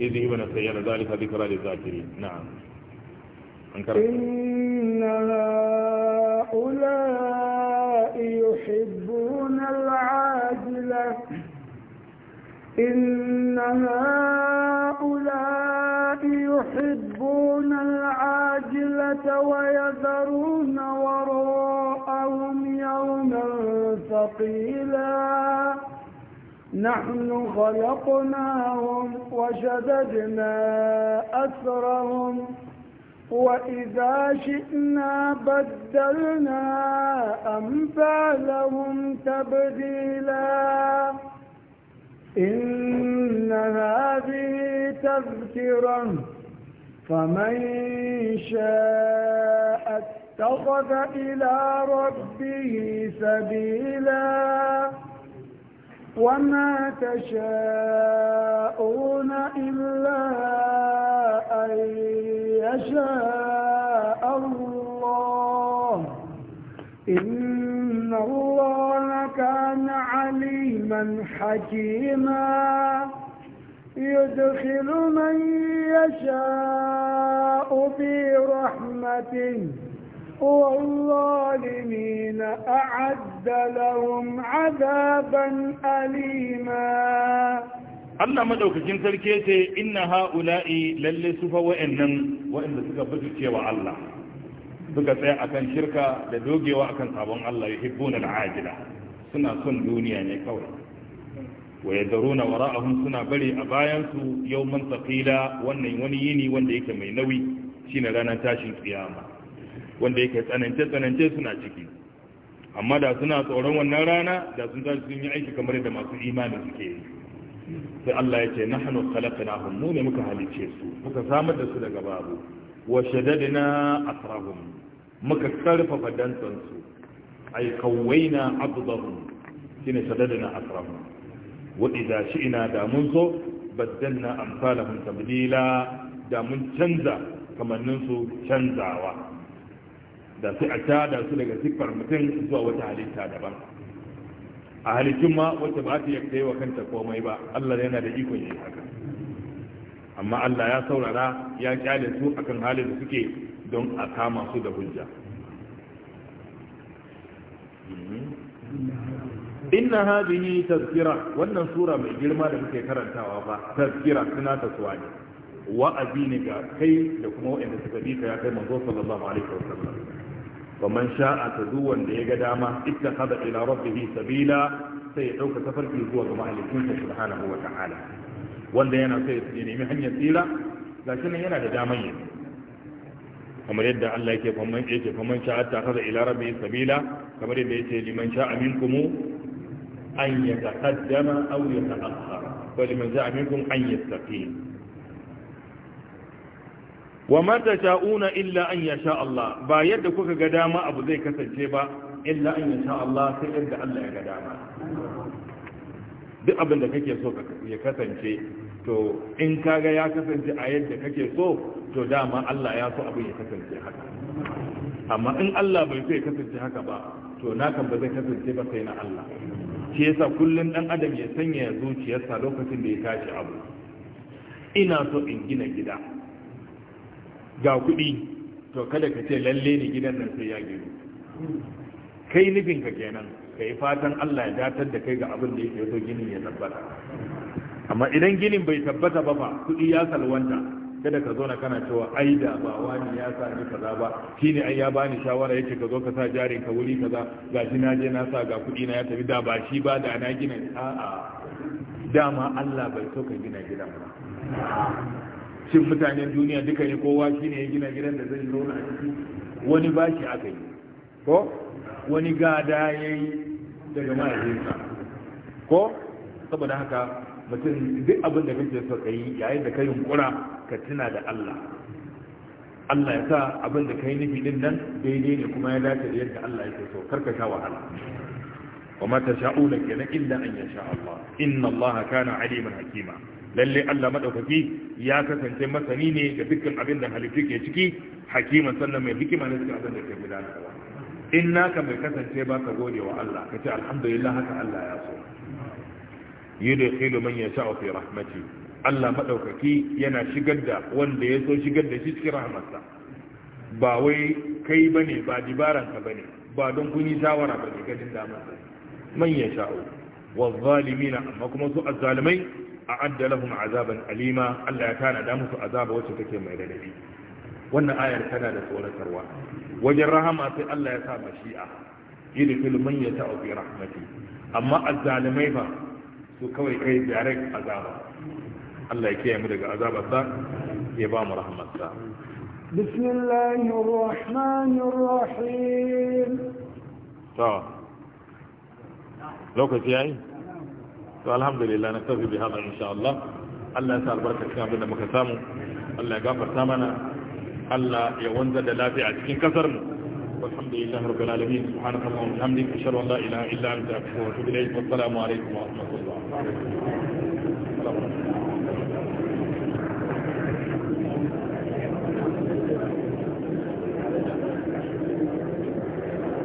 idhi ibn sayyara dhalika dhikra lil-zakirin na'am an inna إن yuhibbuna al العاجلة inna هؤلاء يحبون العاجلة ويذرون وراءهم يوما ثقيلا نحن خلقناهم وشددنا أسرهم وإذا شئنا بدلنا أمثالهم تبديلا إن هذه تذكره فمن شاء اتخذ إلى ربه سبيلا وما تشاءون إلا أن يشاء الله إن الله كان عليما حكيما يدخل من يشاء في رحمته والظالمين أعد لهم عذابا أليما Allah madaukakin sarki ce inna haula'i lalle su fa wa'annan wa'anda suka bujuce cewa Allah suka tsaya akan shirka da dogewa akan sabon Allah yuhibbuna al'ajila suna son duniya ne kawai wa yadruna wara'ahum suna bari a bayansu su yawman tsakila wannan wani yini wanda yake mai nauyi shine ranar tashin kiyama wanda yake tsanance tsanance suna ciki amma da suna tsoron wannan rana da sun tashi sun yi aiki kamar yadda masu imani suke yi sai Allah ya ce nahnu khalaqnahum mu ne muka halice su muka samar da su daga babu wa shaddadna asrahum muka karfafa dantsan su ay kawaina abdahum shine shaddadna asrahum Waɗanda shi ina da mun so baddalna amsalahum tabdila da mun canza kamannin su canzawa da sai a tada su daga siffar mutum zuwa wata halitta daban a halittun ma wacce ba ta yi wa kanta komai ba Allah yana da ikon yin haka amma Allah ya saurara ya kyale su akan halin da suke don a kama su da hujja inna hadhihi tazkira wannan sura mai girma da muke karantawa ba tazkira suna ta suwa ne wa abini ga kai da kuma wanda suka bi ya kai manzo sallallahu alaihi wasallam wa man sha'a tadu wanda ya ga dama ittakhadha ila rabbihi sabila sai ya dauka tafarki zuwa ga malikin sa subhanahu wa ta'ala wanda yana sai ya nemi hanyar tsira gashi nan yana da daman yi kamar yadda Allah yake faman yake faman sha'a ta kaza ila rabbihi sabila kamar yadda yake liman sha'a minkum أن يتقدم أو يتأخر ولمن جاء أن يستقيم wa mata sha'una illa an ya Allah ba yadda kuka ga dama abu zai kasance ba illa an Allah sai yadda Allah ya ga dama duk abin da kake so ya kasance to in kaga ya kasance a yadda kake so to dama Allah ya so abin ya kasance haka amma in Allah bai so ya kasance haka ba to nakan ba zai kasance ba sai na Allah shi yasa kullum dan adam ya sanya ya zuciyarsa lokacin da ya tashi abu ina so in gina gida ga kuɗi to kada ka ce lalle ne gidan nan sai ya gero kai nufin ka kenan ka yi fatan Allah ya datar da kai ga abin da yake so ginin ya tabbata amma idan ginin bai tabbata ba fa kuɗi ya salwanta kada ka zauna kana cewa ai da ba wani ya sa ni kaza ba shine ai ya bani shawara yake ka zo ka sa jarin ka wuri kaza Ga shi na je na sa ga kuɗi na ya tafi da ba shi ba da na gina a'a dama Allah bai so ka gina gidan ba shin mutanen duniya duka ne kowa shine ya gina gidan da zai zo a ciki wani ba shi aka yi ko wani gada yayi daga mahaifinsa ko saboda haka mutum duk abin da kake so ka yi yayin da ka yunkura ka tuna da Allah Allah ya sa abin da yi nufi din nan daidai ne kuma ya dace da yadda Allah yake so karka sha wahala wa ma tasha'una kenan illa an yasha Allah inna Allah kana aliman hakima lalle Allah madaukaki ya kasance masani ne ga dukkan abin da halittu ke ciki hakiman sannan mai hikima ne suka abin da ke gudanarwa in naka mai kasance ba ka gode wa Allah ka ce alhamdulillah haka Allah ya so yudkhilu man yasha'u fi rahmati Allah maɗaukaki yana shigar da wanda ya so shigar da shi cikin rahmatsa ba wai kai bane ba dibaran ka bane ba don kun yi shawara ba ne gadin damar man yasha'u wa zalimina amma kuma su azzalimai a'adda lahum azaban alima Allah ya tana da musu azaba wacce take mai radadi wannan ayar tana da tsoratarwa wajen rahama sai Allah ya sa mashi'a yudkhil man yata'u fi rahmati amma azzalimai ba to kawai kai direct azaba Allah ya kiyaye mu daga azabarsa ya ba mu rahmatsa bismillahir rahmanir rahim to lokaci yayi to alhamdulillah na kafi bi insha Allah Allah ya sa albarka cikin abin da muka samu Allah ya gafarta mana Allah ya wanzar da lafiya a cikin kasar mu والحمد لله رب العالمين سبحانك اللهم وبحمدك اشهد ان لا اله الا انت استغفرك واتوب اليك والسلام عليكم ورحمه الله